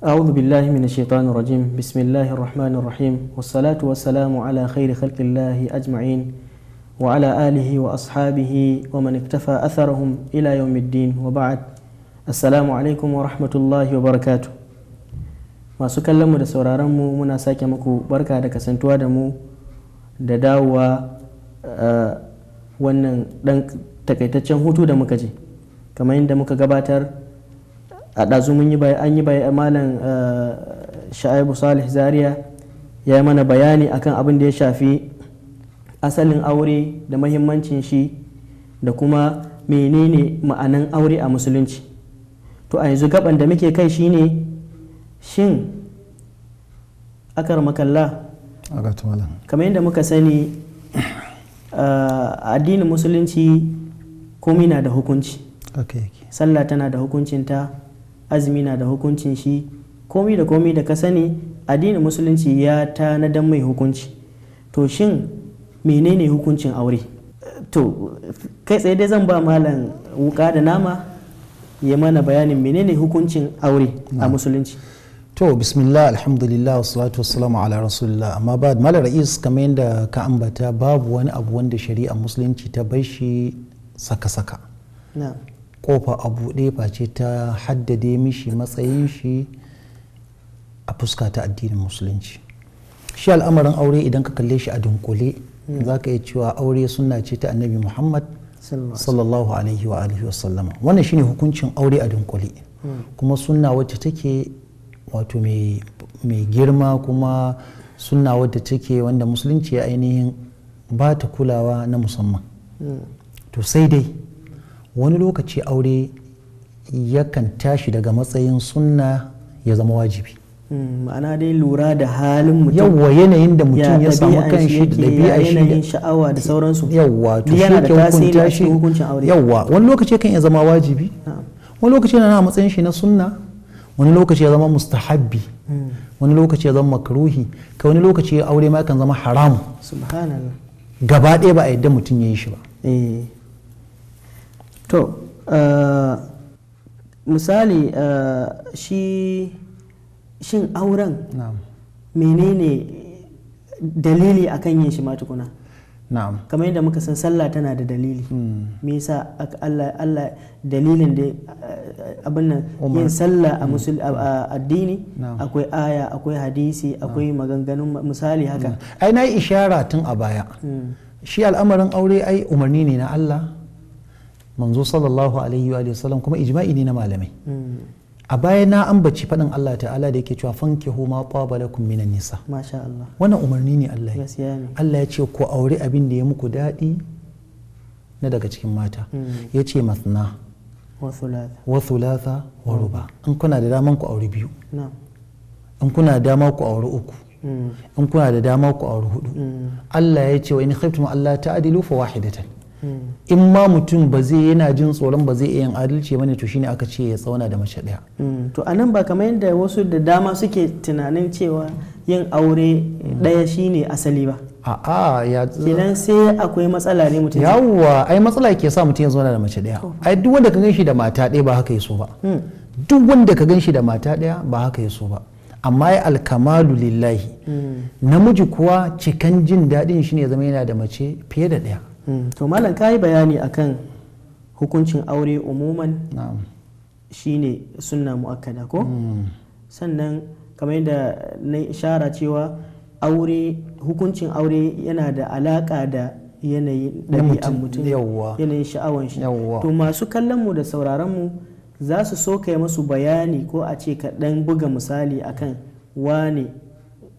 أعوذ بالله من الشيطان الرجيم بسم الله الرحمن الرحيم والصلاة والسلام على خير خلق الله أجمعين وعلى آله وأصحابه ومن اكتفى أثرهم إلى يوم الدين وبعد السلام عليكم ورحمة الله وبركاته masu kallonmu da sauraronmu muna sake muku barka da kasantuwa da mu da dawowa wannan ɗan takaitaccen hutu da muka je kamar yadda muka gabatar a ɗazu mun yi an yi malam eh, sha'ibu salih zaria ya yi mana bayani akan abin da ya shafi asalin aure da mahimmancin shi da kuma menene ma'anan aure a musulunci to a yanzu gaban da muke kai shine shin akar makalla kamar yadda muka sani eh, addinin musulunci komi na da hukunci sallah tana da hukuncinta azumi na da hukuncin shi komi da komi da ka sani addinin musulunci ya tanadan mai hukunci to shin menene hukuncin aure to kai tsaye dai zan ba malam wuka da nama ya mana bayanin menene hukuncin aure a musulunci to bismillah alhamdulillah wasu wassalamu ala rasulullah amma ba malar ra'is kamar yadda ka ambata babu wani abu wanda shari'a musulunci ta bai shi saka-saka kofa a buɗe face ta haddade mishi matsayin shi a fuska ta addinin musulunci shi al'amarin aure idan ka kalle shi a dunkule hmm. za ka iya cewa aure suna ce ta annabi muhammad sallallahu alaihi wa alihi wa sallama wannan shine hukuncin aure a dunkule hmm. kuma suna wacce take wato mai girma kuma suna wadda take wanda musulunci ya ainihin ba ta kulawa na musamman hmm. to sai dai wani lokaci aure yakan tashi daga matsayin sunna ya zama wajibi hmm, ma'ana dai lura da halin mutum yawwa yanayin da mutum ya samu kan shi da ɗabi'a shi yanayin sha'awa da sauransu yawwa to shi ke hukunta shi yawwa wani lokaci kan ya zama wajibi wani lokaci na matsayin shi na sunna wani lokaci ya zama mustahabbi hmm. wani lokaci ya zama makruhi ka wani lokaci aure ma kan zama haram subhanallah gaba ɗaya ba a yadda mutum ya yi shi ba eh. to eh, misali eh, shi shin auren menene dalili akan yin shi ma tukuna na'am kamar yadda muka san sallah tana da dalili hmm. me yasa Allah Allah dalilin da eh, abin nan yin sallah a hmm. addini akwai aya akwai hadisi akwai maganganun misali haka hmm. ai na ishara tun a baya shi al'amarin aure ai umarni ne na Allah manzo sallallahu alaihi wa sallam kuma ijma'i ne na malamai hmm. a baya na ambaci faɗin Allah ta'ala da yake cewa fankihu ma taba lakum minan nisa masha Allah wannan umarni ne Allah ya Allah ya ce ku aure abin da ya muku daɗi na daga cikin mata hmm. ya ce masna wa thulatha wa ruba in kuna da dama ku aure biyu in kuna da dama ku aure uku hmm. in kuna da dama ku aure hudu Allah ya ce wa in khiftum Allah ta'dilu fa wahidatan Hmm. in ma mutum ba zai yana jin tsoron ba zai iya yin adalci bane to shine aka ce ya tsauna da mace daya hmm. to anan ba kamar yadda wasu da dama suke tunanin cewa yin aure daya shine asali ba a'a ya kenan sai akwai matsala ne mutum yawwa ai matsala ke sa mutum ya zauna da mace daya ai duk wanda ka gan shi da mata daya ba haka ya so ba hmm. duk wanda ka gan shi da mata daya ba haka ya so ba amma ya alkamalu lillahi namiji kuwa cikan jin daɗin shine zama yana da mace fiye da daya. Mm. to malam ka yi bayani akan hukuncin aure umuman shine sunna mu'akkada ko mm. sannan kamar yadda na ishara cewa aure hukuncin aure yana da alaka da yanayin ɗabi'an mutum yanayin sha'awan shi to masu kallon mu da sauraron mu za su so kai masu bayani ko a ce kaɗan buga misali akan wane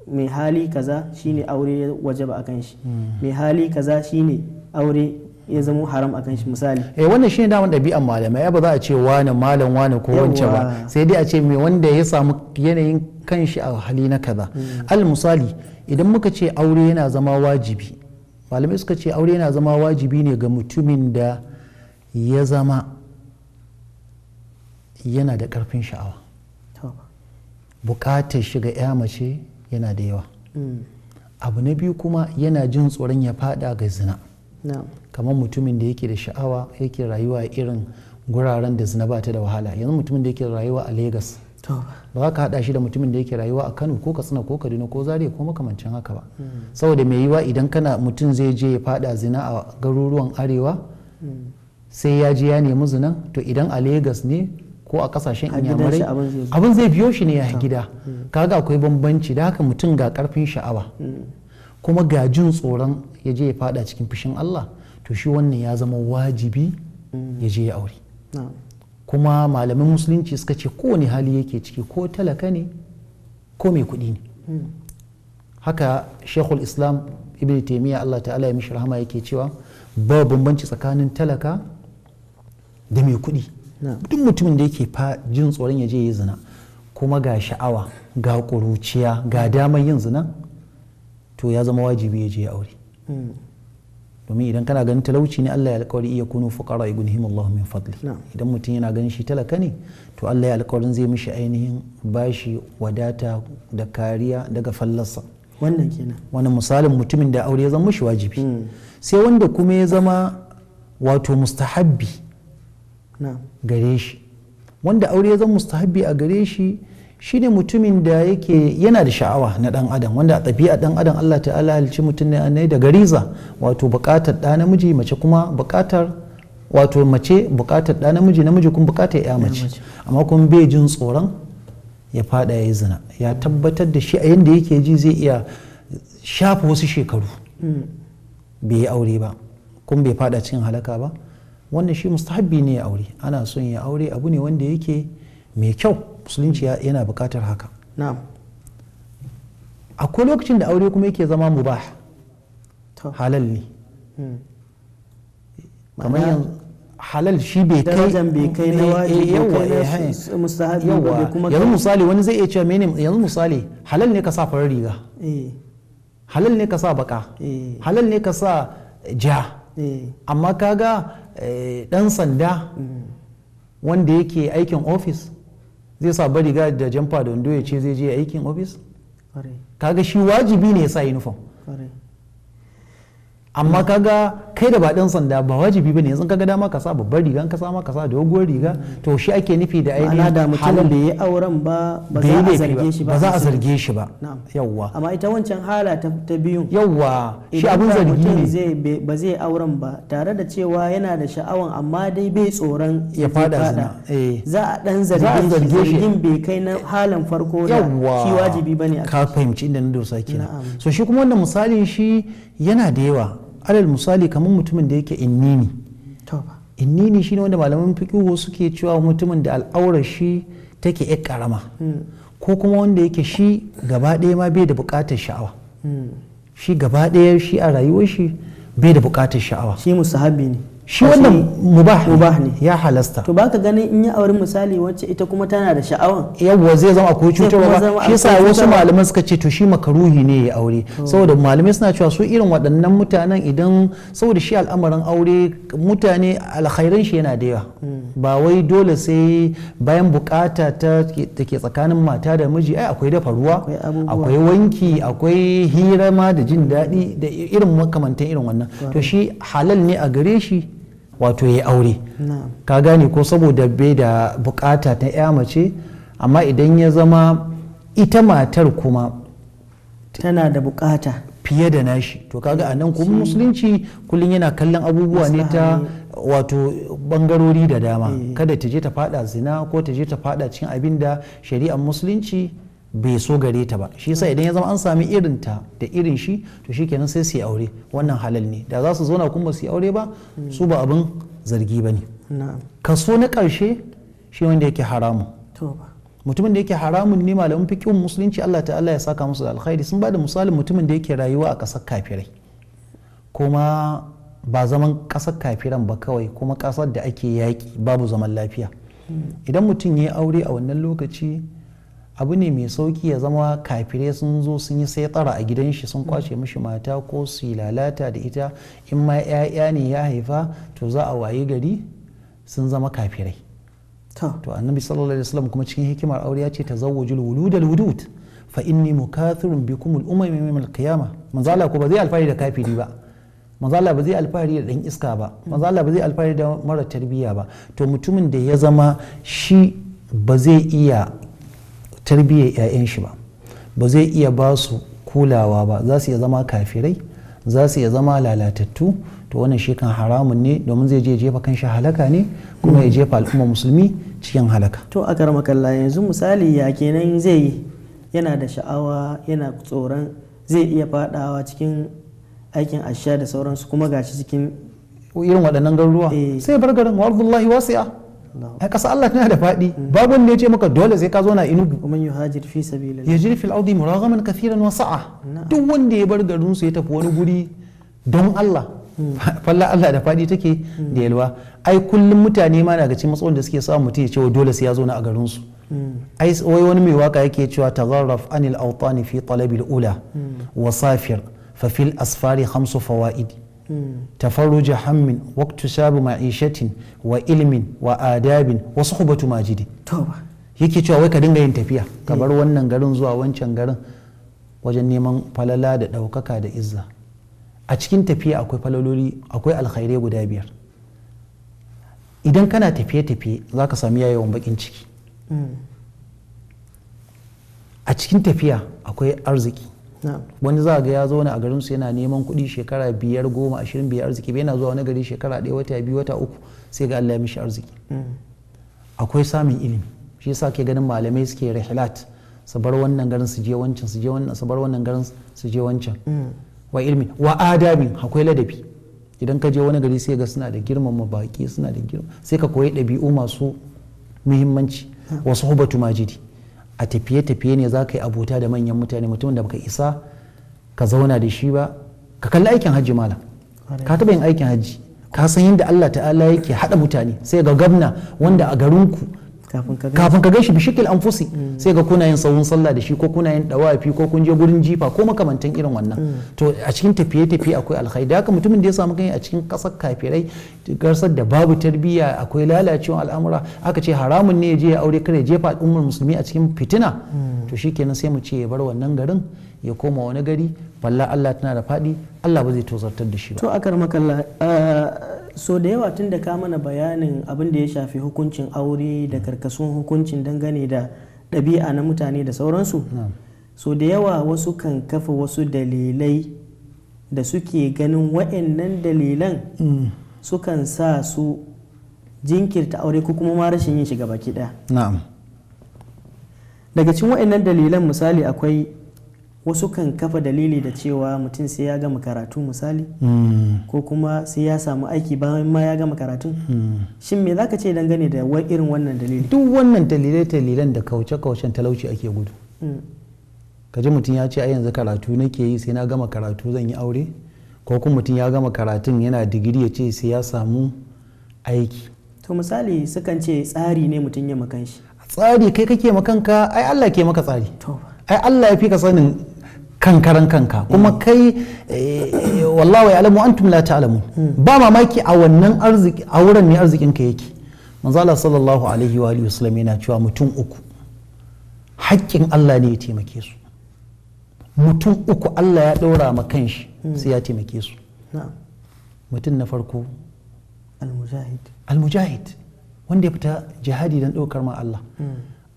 mai hali kaza shine aure ya wajaba akan shi mm. mai hali kaza shine aure ya zama haram akan shi misali eh wannan shine daman ɗabi'an malamai ba za a ce wani malam wani ko wance ba sai dai a ce mai wanda ya samu yanayin kan shi a hali na kaza mm. al misali idan muka ce aure yana zama wajibi malamai suka ce aure yana zama wajibi ne ga mutumin da ya zama yana da karfin sha'awa bukatar shiga ya mace yana da yawa mm. abu na biyu kuma yana jin tsoron ya fada ga zina kamar mutumin da yake da sha'awa yake rayuwa irin guraren da zina ba ta da wahala yanzu mutumin da yake rayuwa a Legas ba za ka hada shi da mutumin da yake rayuwa a Kano ko Katsina ko Kaduna ko Zaria ko makamancin haka ba hmm. saboda mai yiwa idan kana mutum zai je ya fada zina a garuruwan arewa hmm. sai ya je ya nemi zina to idan a Legas ne ko a kasashen inyamurai abin zai biyo shi ne ya gida hmm. kaga akwai bambanci da haka mutum ga karfin sha'awa kuma ga jin tsoron ya je ya fada cikin fushin Allah to shi wannan ya zama wajibi ya je ya aure kuma malamin musulunci suka ce kowane hali yake ciki ko talaka ne ko mai kuɗi ne hmm. haka shekul islam ibn taimiyya Allah ta'ala ya mishi rahama yake cewa ba bambanci tsakanin talaka da mai kuɗi duk mutumin da yake jin tsoron ya je ya zina kuma ga sha'awa ga ƙuruciya ga damar yin zina to ya zama wajibi ya je ya aure domin idan kana ganin talauci ne Allah ya alkawari iya kunu fuqara yughnihim Allah min fadli idan mutum yana ganin shi talaka ne to Allah ya alkawarin zai mishi ainihin bashi wadata da kariya daga fallasa. wannan kenan wannan misalin mutumin da aure ya zama mishi wajibi hmm. sai wanda kuma ya zama wato mustahabbi gare shi wanda aure ya zama mustahabbi a gare shi shine mutumin da yake yana da sha'awa na dan adam wanda a a dan adam Allah ta'ala halicci mutum ne annai da gariza wato bukatar da namiji mace kuma bukatar wato mace bukatar da namiji namiji kuma bukatar ya mace amma kuma bai jin tsoron ya fada ya yi zina ya tabbatar da shi a yanda yake ji zai iya shafa wasu shekaru mm. bai yi aure ba kuma bai fada cikin halaka ba wannan shi mustahabbi ne ya aure ana son ya aure abu ne wanda yake mai kyau musulunci yana bukatar haka akwai lokacin da aure kuma yake zama mubah halal ne hmm. kamar yanzu halal shi bai kai bai kai na wajibi eh, eh, eh, yanzu misali wani zai iya cewa mene yanzu misali halal ne ka sa farar riga halal ne ka sa baka halal ne ka sa ja amma kaga dan sanda hmm. wanda yake aikin ofis zai sa bari ga da jamfa da wando ya ce zai je aikin ofis kaga shi wajibi ne ya sa uniform amma kaga kai da ba ɗan sanda ba wajibi bane yanzu kaga dama ka sa babbar riga ka sa ma ka sa doguwar riga to shi ake nufi da ainihin halin da mutum bai yi auren ba ba za a zarge shi ba ba za a zarge shi ba yawwa amma ita wancan hala ta biyun yawwa shi abun zargi ne ba zai auren ba tare da cewa yana da sha'awan amma dai bai tsoron ya fada eh. za a dan zarge shi zargin bai kai na halan farko da shi wajibi bane ka fahimci inda na dosa kenan so shi kuma wannan misalin shi yana da yawa alal misali kamar mutumin da yake innini innini ne wanda malaman fiqihu suke cewa mutumin da al'aurar shi take yar karama hmm. ko kuma wanda yake shi gaba ɗaya ma bai da buƙatar sha'awa hmm. shi gaba ɗaya shi a rayuwar shi bai da buƙatar sha'awa shi musahabi ne shi wannan mubah mubah ne ya halasta to baka ganin in yi auren misali wacce ita kuma tana da sha'awan yawwa zai zama akwai cutarwa ba shi yasa wasu malaman suka ce to shi makaruhi ne ya aure saboda malamai suna cewa su irin waɗannan mutanen idan saboda shi al'amarin aure mutane alkhairan shi yana da yawa hmm. ba wai dole sai bayan bukata ta da tsakanin mata da miji ai akwai dafa ruwa akwai wanki akwai hira ma da jin daɗi da irin makamantan irin wannan to shi halal ne a gare shi wato ya aure ka gane ko saboda bai da bukata ta ya mace amma idan ya zama ita matar kuma tana da bukata fiye da nashi to kaga a nan kuma musulunci kullum yana kallon abubuwa ne ta wato bangarori da dama eh. kada ta je ta fada zina ko ta je ta fada cikin abin da shari'ar musulunci bai so gare ta ba shi sa idan ya zama an sami irin ta da irin shi to shi kenan sai su yi aure wannan halal ne da za su zauna kuma su yi aure ba su ba abin zargi ba ne kaso na ƙarshe shi wanda yake haramu mutumin da yake haramun ne malamin fiqhin musulunci Allah allah ya saka musu da alkhairi sun bada misalin mutumin da yake rayuwa a kasar kafirai kuma ba zaman kasar kafiran ba kawai kuma kasar da ake yaki babu zaman lafiya hmm. idan mutum ya yi aure a wannan lokaci abu ne mai sauki ya zama kafire sun zo sun yi sai tsara a gidan shi sun kwace mishi mata ko su yi lalata da ita in ma 'ya'ya ne ya haifa to za a wayi gari sun zama kafirai to annabi sallallahu alaihi wasallam kuma cikin hikimar aure ya ce ta tazawwajul wuludal wudud fa inni mukathirun bikum al umam min al qiyama manzala ko ba zai alfahari da kafiri ba manzala ba zai alfahari da dan iska ba manzala ba zai alfahari da mara tarbiyya ba to mutumin da ya zama shi ba zai iya tarbiyyar 'ya'yan shi ba ba zai iya ba su kulawa ba za su iya zama kafirai za su iya zama lalatattu to wannan shi kan haramun ne domin zai je jefa kan shi halaka ne kuma ya jefa al'umma musulmi cikin halaka to a kalla yanzu misali ya kenan zai yi yana da sha'awa yana tsoron zai iya fadawa cikin aikin asha da sauransu kuma gashi cikin irin waɗannan garuruwa eh. sai bar garin wa wasi'a a ƙasa Allah tana da faɗi babu wanda ya ce maka dole sai ka zo na inugu man yuhajir fi sabilillah yajri fil ardi muraghaman sa'a duk wanda ya bar garin su ya tafi wani guri don Allah hmm. falla Allah da faɗi take da hmm. yalwa ai kullum mutane ma daga cikin matsalolin da suke samu mutum ya ce dole sai ya zo na a garin su hmm. ai wai wani mai waka yake cewa tagharraf anil awtani fi talabil ula wa safir fa fil asfari khamsu fawa'idi tafarruja hammin waktu sabu ma'ishatin wa ilmin wa adabin wasu suhbatu majidi yake cewa wai ka dinga yin tafiya ka bar wannan garin zuwa wancan garin wajen neman falala da ɗaukaka da izza a cikin tafiya akwai falaloli akwai alkhairai guda biyar idan kana tafiye-tafiye za ka sami yayawan bakin ciki a cikin tafiya akwai arziki wani za ga ya ne a garin su yana neman kuɗi shekara biyar goma ashirin biyar arziki bai yana zuwa wani gari shekara ɗaya wata biyu wata uku sai ga Allah ya mishi arziki mm. akwai samun ilimi shi yasa ke ganin malamai suke rihilat su bar wannan garin su je wancan su je wannan su bar wannan garin su je wancan mm. wa ilimi wa adabin akwai ladabi idan ka je wani gari sai ga suna da girmama baki suna da girma sai ka koyi ɗabi'u masu muhimmanci wasu hubatu majidi a tafiye-tafiye ne za ka yi abota da manyan mutane mutumin da baka isa ka zauna da shi ba ka kalli aikin hajji mala ka taɓa yin aikin hajji ka san yadda Allah ta'ala yake haɗa mutane sai ga gabna wanda a garinku kafin ka gaishe bishikil fusi. Mm. sai ga kuna yin tsawon sallah da shi ko kuna yin dawafi ko kun je gurin jifa ko makamantan irin wannan mm. to a cikin tafiye tafiye akwai alkhairi da haka mutumin da ya samu kai a cikin kasar kafirai garsar da babu tarbiyya akwai lalacewa al'amura aka ce haramun ne ya je ya aure kada ya jefa al'ummar musulmi a cikin fitina mm. to shikenan sai mu ce ya bar wannan garin ya koma wani gari balla Allah tana da faɗi Allah ba zai tozartar da shi ba to akar makalla eh, so da yawa tun da ka mana bayanin abin da ya shafi hukuncin aure da karkasun hukuncin dangane da ɗabi'a na mutane da sauransu so da yawa wasu kan kafa wasu dalilai da suke ganin wa'annan dalilan mm. sukan sa su jinkirta aure ko kuma ma rashin yin shiga baki ɗaya daga cikin wa'annan dalilan misali akwai wasu kan kafa dalili da cewa mutum sai ya gama karatu misali hmm. ko kuma sai ya samu aiki bayan ma ya gama karatu hmm. shin me zaka ce dangane da irin wannan dalili duk wannan dalilai dalilan da kauce kaucen talauci ake gudu hmm. kaji mutum ya ce a yanzu karatu nake yi sai na gama karatu zan yi aure ko kuma mutum ya gama karatun yana digiri ya ce sai ya samu aiki to misali sukan ce tsari ne mutum ya makan shi tsari kai kake makanka ai Allah ke maka tsari ai Allah ya fi ka sanin kan karan kanka kuma mm. kai eh, wallahu alamu antum la ta'lamun mm. ba mamaki a wannan arziki a wurin ne arzikin ka yake manzo Allah sallallahu alaihi wa alihi wasallam yana cewa mutum uku haƙƙin Allah ne ya taimake su mutum uku Allah ya ɗora ma kanshi mm. sai ya taimake su mutum na farko al-mujahid al-mujahid wanda ya fita jihadi don ɗaukar ma Allah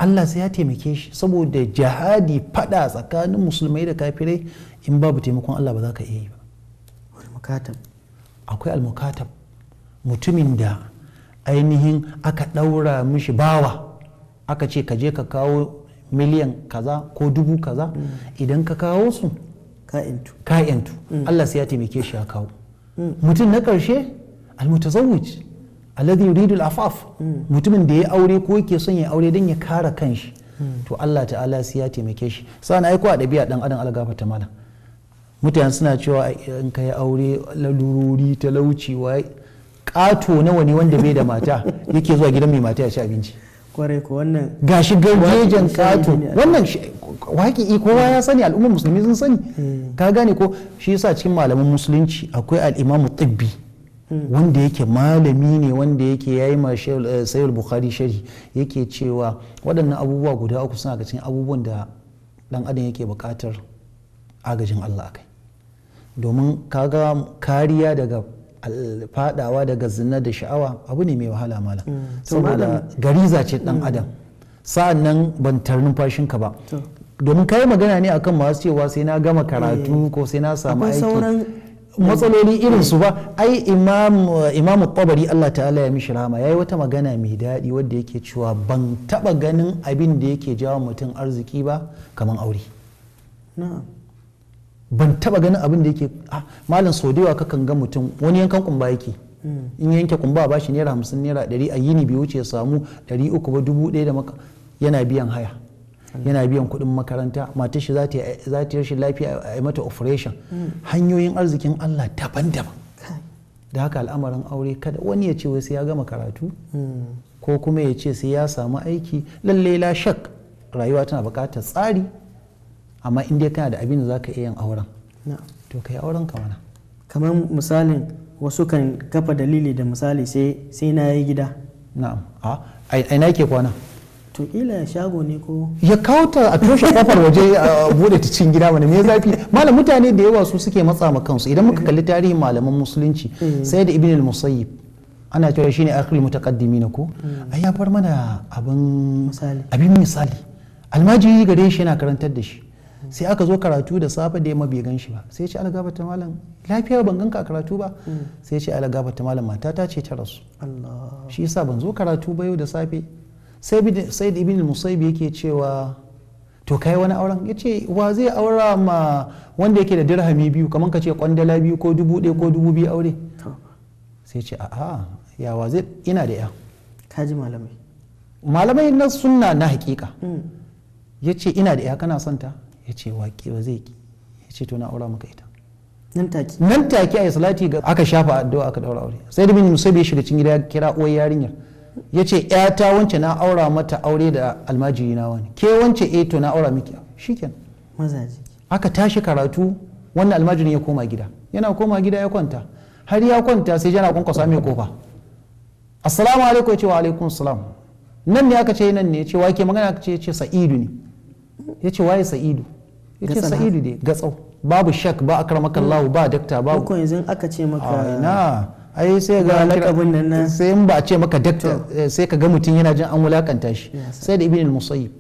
Allah sai ya taimake shi saboda jihadi fada tsakanin musulmai da kafirai in babu taimakon Allah ba za ka iya yi ba akwai almukatab mutumin da ainihin aka ɗaura mishi bawa aka ce ka je ka kawo miliyan kaza ko dubu kaza mm. idan ka kawo su ka'intu mm. Allah sai ya taimake shi ya kawo mm. mutum na ƙarshe al-Mutazawwij. alladhi al afaf mm. mutumin da ya aure ko yake son ya aure don ya kare kanshi mm. to Allah ta'ala sai ya taimake shi sa'an aiko a ɗabi'a dan adam algafa ta malam mutane suna cewa in kai aure lalurori talauci wai kato nawa ne wanda bai da mata yake zuwa gidan mai mata ya ci abinci kwarai ko wannan gashi gajejen kato wannan waƙi eh, kowa ya sani al'ummar musulmi sun sani mm. ka gane ko shi yasa cikin malaman musulunci akwai al'imamu tibbi wanda yake malami ne wanda yake ya yi eh, sayar bukhari sharhi yake cewa waɗannan abubuwa guda uku suna cikin abubuwan da ɗan adam yake buƙatar agajin allah kai domin kaga kariya daga fadawa daga zina da sha'awa abu ne mai wahala malam mm. saboda gariza ce ɗan mm. adam sa'an nan ban tar numfashinka ba domin kayi magana ne akan masu cewa sai na gama karatu eh. ko sai na samu aiki matsaloli irin su ba ai imam tabari Allah ta'ala ya mishi rama yayi wata magana mai daɗi wadda yake cewa ban taɓa ganin abin da yake jawo mutum arziki ba kamar aure ban taɓa ganin abin da yake ah, malam sau da kakan ga mutum wani yankan kumba yake mm. in yanke kumba ba shi naira hamsin naira ɗari a yini bai wuce ya samu ɗari uku ba dubu ɗaya da maka yana biyan haya yana biyan kuɗin makaranta matar shi za ta yi lafiya a yi mata operation hanyoyin arzikin Allah daban-daban da haka al'amarin aure kada wani ya ce wai sai ya gama karatu ko kuma ya ce sai ya samu aiki lallai la shak rayuwa tana bukatar tsari amma in kana da abin da zaka iya yin auren to kai auren ka mana kamar misalin wasu kan kafa dalili da misali sai na yi gida na'am a ina ke kwana to ila ya shago ne ko ya kawo ta a toshe kofar waje a bude ta cikin gida wani me zafi malam mutane da yawa su suke matsa ma kansu idan muka eh. kalli tarihin malaman musulunci eh. sai da ibn al-musayyib ana cewa shine akhirul mutaqaddimin ko eh. ai ya bar mana abin misali abin misali almajiri gare shi yana karantar da shi sai aka zo karatu da safe da yamma bai gan shi ba sai ce algaba ta malam lafiya ban ganka a karatu ba sai ce algaba ta malam mata ta ce ta rasu shi yasa ban zo karatu ba yau da safe sai da ibn musayib yake cewa to kai wani auren ya ce wa zai aura ma wanda yake da dirhami biyu kamar ka ce kwandala biyu ko dubu ɗaya ko dubu biyu aure sai ce a'a ya wa zai ina da ya kaji malamai malamai na sunna na hakika mm. ya ce ina da ya kana son ta ya ce wa zai ki ya ce to na aura maka ita nan take nan take a salati ga aka shafa addu'a aka daura aure sai da bin musabi ya shiga cikin gida kira uwar yarinyar ya ce ‘yata wance na aura mata aure da almajiri na wani ke wance e to na aura miki shiken aka tashi karatu wannan almajirin ya koma gida yana koma gida ya kwanta har ya kwanta sai yana kwankwasa mai kofa assalamu alaikum ya ce wa alaikum salam nan ne aka ce nan ne ya ce wake magana aka ce ya ce sa'idu ne ya ce waye sa'idu ya ce sa'idu ne gatsau babu shak ba akramakallahu ba dakta babu ko yanzu aka ce maka ai sai ga lakabin nan sai in ba a ce maka dakta eh, sai ka ga mutum yana jin an wulakanta shi sai da ibnul musayyib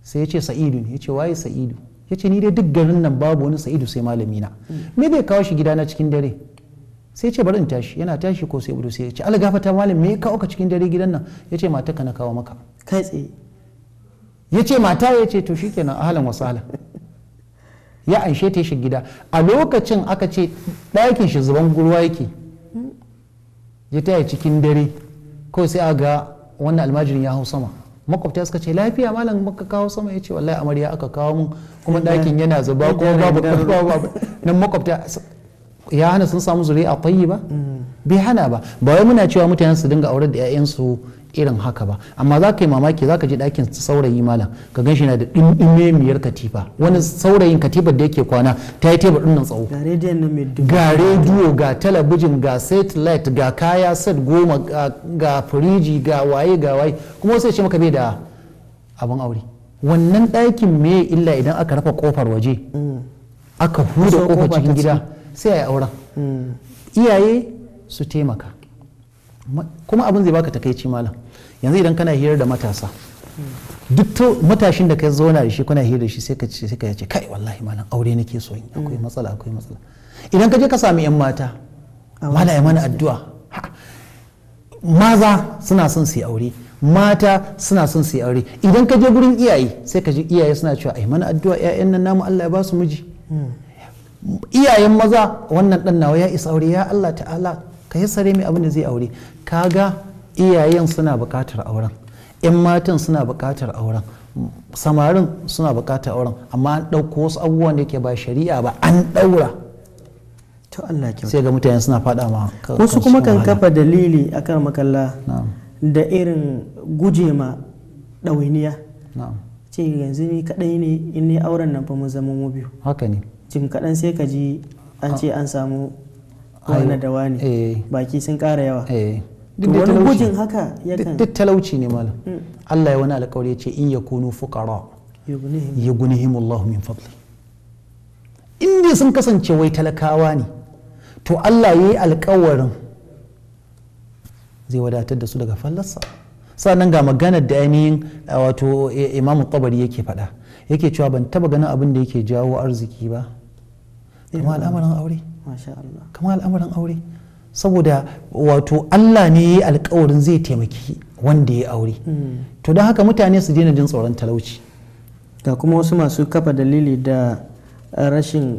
sai ya ce sa'idu ya ce waye sa'idu ya ce ni dai duk garin nan babu wani sa'idu sai malami na hmm. me bai kawo shi gidana cikin dare sai ya ce bari in tashi yana tashi ko sai budu sai ya ce algafata malam me ya kawo ka cikin dare gidan nan ya ce mata ka na kawo maka kai tsaye ya ce mata ya ce to shikenan ahalan wasalan ya anshe ta shi gida a lokacin aka ce ɗakin shi zuban gurwa yake ya taya cikin dare ko sai a ga wannan almajirin ya hau sama makwabta suka ce lafiya malam maka kawo sama ya ce wallahi amarya aka kawo mun kuma ɗakin yana zuba ko babu nan makwabta ya hana sun samu zuri zuri'a tayyiba mm. bai hana ba ba wai muna cewa mutane su dinga aurar da 'ya'yansu irin haka ba amma za ka yi mamaki za ka ji ɗakin saurayi malam ka gan shi na da ɗimɗimemiyar katifa wani saurayin katifar da yake kwana ta yi tebur ɗin nan tsawo ga rediyo ga talabijin ga satellite ga kaya set goma ga firiji ga waye ga waye kuma wasu ya ce maka bai da abin aure wannan ɗakin me illa idan aka rafa kofar waje mm. aka huda kofar cikin gida sai a yi auren mm. iyaye su taimaka kuma abin zai baka takaici malam yanzu idan kana hirar da matasa duk matashin da ka zauna da shi kuna hira da shi sai ka ce sai ka ce kai wallahi malam aure nake so in akwai mm. matsala akwai matsala idan ka je ka sami yan mata mala ya mana addu'a maza suna son su yi aure mata suna son su yi aure idan ka je gurin iyaye sai ka ji iyaye suna cewa ai mana addu'a ƴaƴan nan namu Allah ya ba su miji mm. iyayen maza wannan dan nawa ya isa aure ya Allah ta'ala ka yi sare mai abin da zai aure kaga iyayen suna buƙatar auren 'yan matan suna buƙatar auren samarin suna buƙatar auren amma an ɗauko wasu abubuwan da ke ba shari'a ba an ɗaura to Allah sai ga mutane suna faɗa ma wasu kuma kan kafa dalili akan makalla da irin guje ma ɗawainiya ce yanzu ni kaɗai ne in ni auren nan fa mu zama mu biyu jim kaɗan sai ka ji an ah. ce an samu wani da wani eh. baki sun ƙara yawa eh. wani gujin haka yakan duk talauci ne malam mm. Allah ya wani alƙawari ya ce in ya yakunu ya yughnihim Allah min fadli in dai sun kasance wai talakawa ne to Allah ya yi alƙawarin zai wadatar da su daga fallarsa sannan ga maganar da ainihin wato imamu tabari yake faɗa yake cewa ban taba ganin abin da yake jawo arziki ba kuma al'amarin aure masha Allah kamar al'amuran aure saboda wato Allah ne ya yi alkawarin zai taimaki wanda ya aure mm. to don haka mutane su daina jin tsoron talauci ga kuma wasu masu kafa dalili da rashin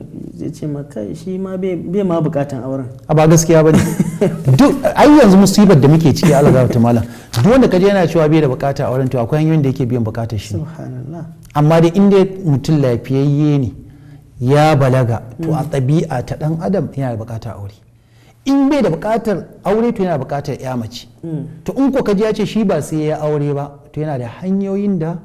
ce maka shi ma bai ma bukatan auren a ba gaskiya ba ne duk ai yanzu musibar da muke ciki Allah ta malam duk wanda kaje yana cewa bai da bukata auren to akwai hanyoyin da yake biyan bukatar shi amma da inda mutum lafiyayye ne ya balaga to a mm. ɗabi'a ta ɗan adam yana da buƙatar aure in bai da buƙatar aure to yana buƙatar ya mace mm. to in ko kaji ya ce shi ba sai ya aure ba to yana da hanyoyin da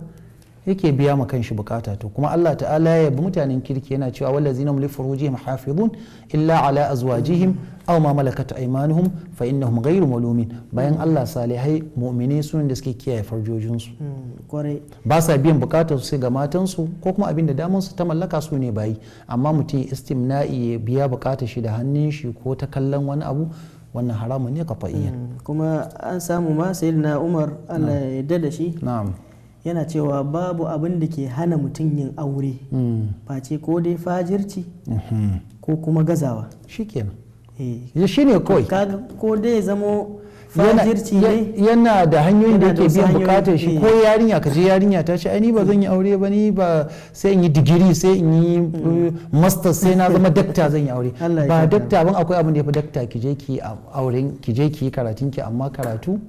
yake biya ma kanshi bukata to kuma Allah ta'ala ya yabi mutanen kirki yana cewa wallazina hum li furujihim hafizun illa ala azwajihim aw ma malakat aymanuhum fa innahum ghayru malumin bayan Allah salihai mu'mini sun da suke kiyaye farjojin su hmm, ba sa biyan bukatar su ga matan su ko kuma abin da daman su ta mallaka su ne bayi amma mutum istimna'i ya biya bukata shi da hannun shi ko ta kallon wani abu wannan haramun ne ka iya hmm, kuma an samu ma sayyidina Umar Allah ya yarda da shi na'am yana cewa babu abin da ke hana mutum yin aure hmm. face ko dai fajirci hmm. ko kuma gazawa ya eh. shi ne kawai ko dai zamo fajirci ne yana da hanyoyin da ke biyan bukatar shi ko yarinya kaje yarinya ta ce ni ba zan yi aure ba ni ba sai in yi digiri sai in yi hmm. uh, master sai na zama dakta zan yi aure ba dakta ban akwai abin da ya fi dakta ki je ki auren ki je ki karatun ki amma karatu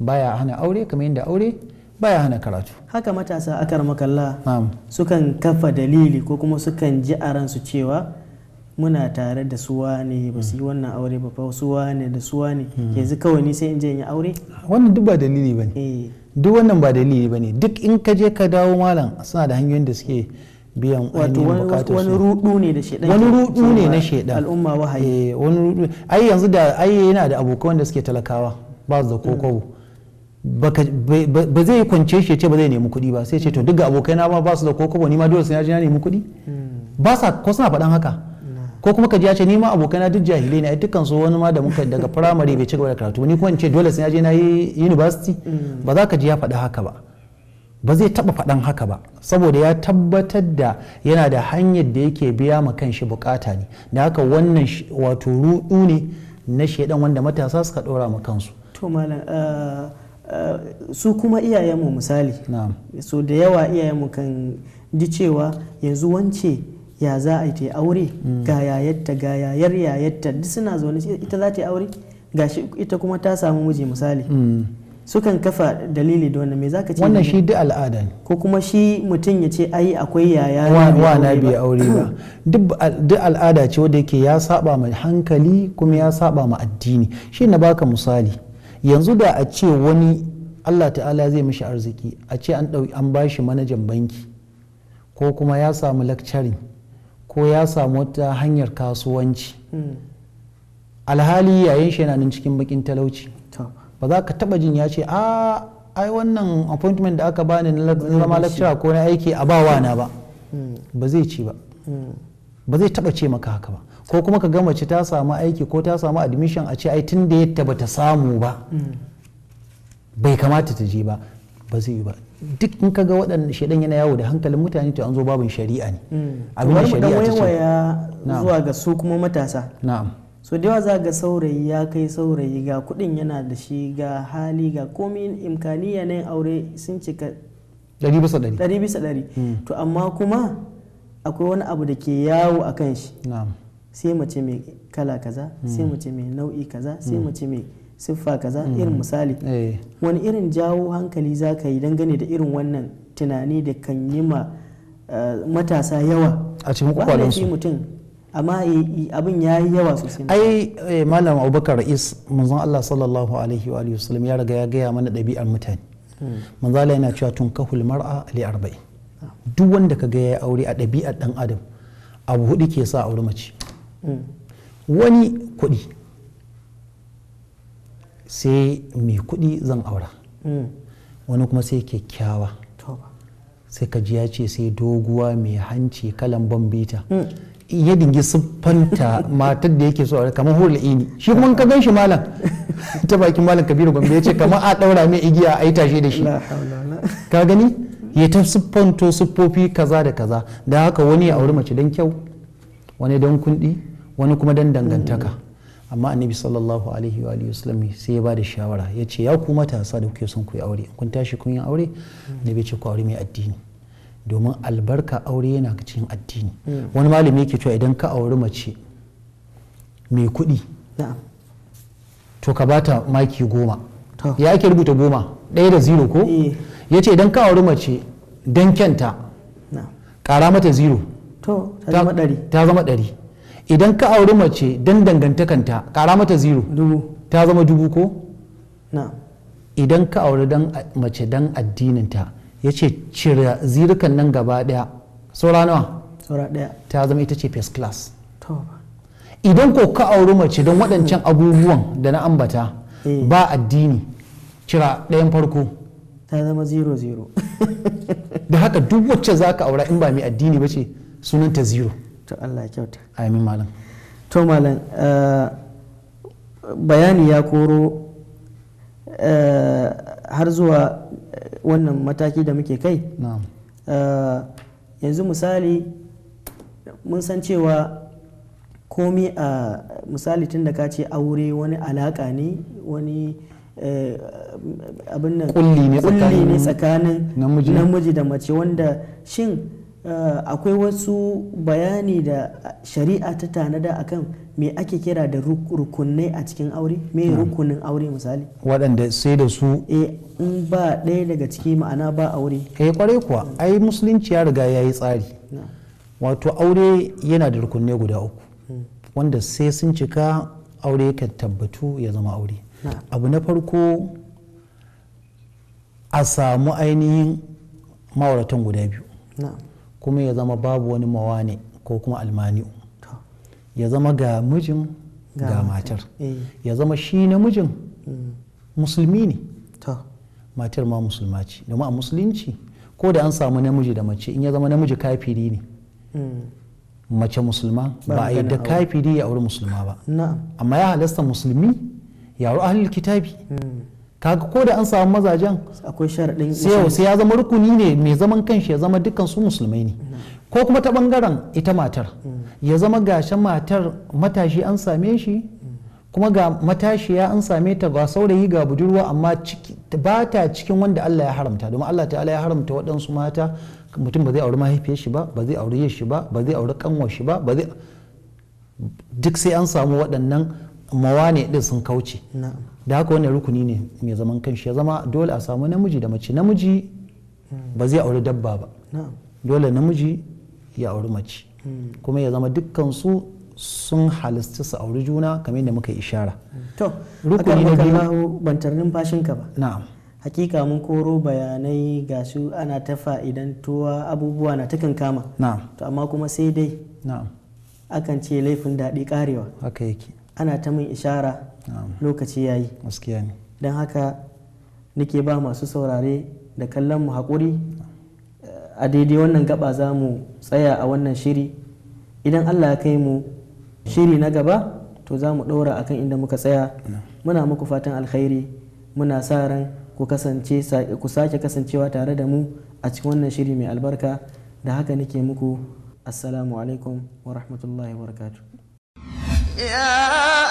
baya hana aure kamar yadda aure baya hana karatu haka matasa akar makalla sukan kafa dalili ko kuma sukan ji a ransu cewa muna tare da suwa ne ba su yi wannan aure ba fa suwa ne da suwa ne hmm. yanzu kawai ni sai in je in yi aure wannan duk ba dalili ba ne eh. duk wannan ba dalili ba ne duk in ka je ka dawo malam suna da hanyoyin da suke biyan wato wani rudu ne da shedan wani rudu ne na shedan al'umma wahayi eh, wani rudu ai yanzu da ai yana da abokan da suke talakawa ba su da kokobo hmm. ba zai kwance shi ce ba zai nemi kuɗi ba sai ce to duk abokai na ba su da ko kobo ni ma dole sai ya ji na nemi kuɗi hmm. ba sa ko suna faɗan haka ko kuma ka ji ya ce ni ma abokai na duk jahilai ne dukkan su wani ma da muka daga firamare bai ci gaba da karatu ni kuma in ce dole sai ya ji na yi university hmm. ba za ka ji ya faɗa haka ba ba zai taɓa faɗan haka ba saboda ya tabbatar da yana da hanyar da yake biya ma kanshi bukata ne da haka wannan wato ruɗu ne na shaidan wanda matasa suka ɗora ma kansu to malam eh, su kuma iyayenmu misali so da yawa iyayenmu kan ji cewa yanzu wance ya za a yi ta aure mm. ga yayatta ga yayar yayatta duk suna zaune ita za ta yi aure gashi ita kuma ta samu miji misali mm. sukan kafa dalili da wannan me zaka ce wannan shi duk al'ada ne ko kuma shi mutum ya ce ai akwai yaya wa na bai aure ba duk al'ada ce wanda yake ya saba ma hankali kuma ya saba ma addini shi na baka misali yanzu da a ce wani allah ta'ala zai mishi arziki a ce an ɗauki an ba shi manajan banki ko kuma ya samu lakcarin ko ya samu wata hanyar kasuwanci alhali yayin shi yana nan cikin bakin talauci ba za ka taba jin ya ce a ai wannan appointment da aka bani na zama lecturer ko na aiki a bawa na ba hmm. ba zai ci ba hmm. ba zai taba ce maka haka ba ko kuma ka ga mace ta samu aiki ko ta samu admission a ce ai tun da yadda ba ta samu ba bai kamata ta je ba ba zai yi ba duk in ka ga waɗanda shaidan yana yawo da hankalin mutane to an zo babin shari'a ne mm. abin da shari'a ta ce zuwa ga su kuma matasa na'am so da yawa za ga saurayi ya kai saurayi ga kuɗin yana da shi ga hali ga komi imkaniya na aure sun cika ɗari bisa ɗari ɗari bisa ɗari mm. to amma kuma akwai wani abu da ke yawo a kan shi sai mace mai kala kaza sai hmm. mace mai nau'i kaza sai hmm. mace mai siffa kaza hmm. irin misali eh. wani irin jawo hankali za ka yi dangane da irin wannan tunani da kan yi ma eh, matasa yawa a cikin kwakwalensu mutum amma abin ya yi yawa sosai ai eh, malam abubakar ra'is manzon allah sallallahu alaihi wa sallam ya riga ya gaya mana ɗabi'ar mutane manzon allah yana cewa tun kahul mar'a li arba'in duk wanda ka ga ya aure a ɗabi'ar ɗan adam abu hudu ke sa aure mace wani kuɗi sai mai kuɗi zan aura wani kuma sai kyakkyawa sai ka ji ce sai doguwa mai hanci kalan bambita hmm. ya dingi siffanta matar da yake so a kamar hurul ini shi kuma ka gan shi malam ta bakin malam kabiru gombe ya ce kamar a daura mai igiya a yi tashe da shi ka gani ya ta siffanto siffofi kaza da kaza da haka wani ya auri mace don kyau wani don kundi wani kuma dan dangantaka amma annabi sallallahu alaihi wa wasallam sai ya bada shawara ya ce ya ku matasa da kuke son ku yi aure kun tashi kun yi aure bai ce ku aure mai addini domin albarka aure yana cikin addini hmm. wani malami yake cewa idan ka auri mace mai kuɗi to ka bata maki goma ya ake rubuta goma ɗaya da zero ko eh. ya ce idan ka auri mace don kyanta kara mata zero ta zama ɗari idan ka auri mace don dangantakanta kara mata zero ta zama dubu ko idan ka auri mace don addininta ya ce cire zirukan nan gaba daya saura nawa saura daya ta zama ita ce first class idan ko ka auri mace don waɗancan abubuwan da na ambata eh. ba addini cira ɗayan farko ta zama zero zero da haka duk wacce za ka aura in ba mai addini ba ce sunanta zero to Allah kyauta amin malam to malam eh, bayani ya koro eh, har zuwa wannan mataki da muke kai eh, yanzu misali mun san cewa komi a misali tun da ka ce aure wani alaka ne wani abin nan kulli ne tsakanin namiji da mace wanda shin Eh, akwai wasu bayani da shari'a ta tanada akan me ake kira da rukunai a cikin aure me hmm. rukunin aure misali waɗanda sai da su e in ba ɗaya daga ciki ma'ana ba aure eh kwarai kuwa hmm. ai musulunci ya riga ya yi tsari wato aure yana da rukunai guda uku hmm. wanda sai sun cika aure ka tabbatu ya zama aure abu na farko a samu ainihin ma'auratan guda biyu kuma ya zama babu wani mawane ko kuma almani'u ya zama ga mijin ga matar eh. ya zama shi namijin mm. musulmi ne matar ma musulma ce domin a musulunci ko da an samu namiji da mace in ya zama namiji kafiri ne mm. mace musulma ba a yadda kafiri ya auri musulma ba amma ya halasta musulmi ya auri ahlul kitabi mm. kaga ko da an samu mazajen akwai sai ya zama rukuni ne mai zaman kanshi ya zama dukkan su musulmai ne ko kuma ta bangaren ita matar ya zama gashin matar matashi an same shi kuma ga ya an same ta ga saurayi ga budurwa amma ba ta cikin wanda Allah ya haramta domin Allah ta'ala ya haramta waɗansu mata mutum ba zai auri mahaifiyar shi ba ba zai auri shi ba ba zai auri kanwar shi ba duk sai an samu waɗannan mawane din sun kauce da haka wannan rukuni ne mai zaman kanshi ya zama dole a samu namiji da mace namiji hmm. ba zai auri dabba ba dole namiji ya auri mace hmm. kuma ya zama dukkan su sun halasta su auri juna kamar yadda muka ishara hmm. to rukuni na biyu ban tarnin ka ba na'am hakika mun koro bayanai ga su ana ta tuwa abubuwa na takan kama to amma kuma sai dai akan ce laifin daɗi karewa haka yake ana ta min ishara lokaci yayi gaskiya don haka nake ba masu saurare da kallon mu haƙuri eh, a daidai wannan gaba za mu tsaya a wannan shiri idan allah ya kai mu shiri na gaba to za mu ɗora akan inda muka tsaya muna muku fatan alkhairi muna sa ran ku sake kasancewa tare da mu a cikin wannan shiri mai albarka da haka nake muku assalamu alaikum wa rahmatullahi wa barakatuh Yeah.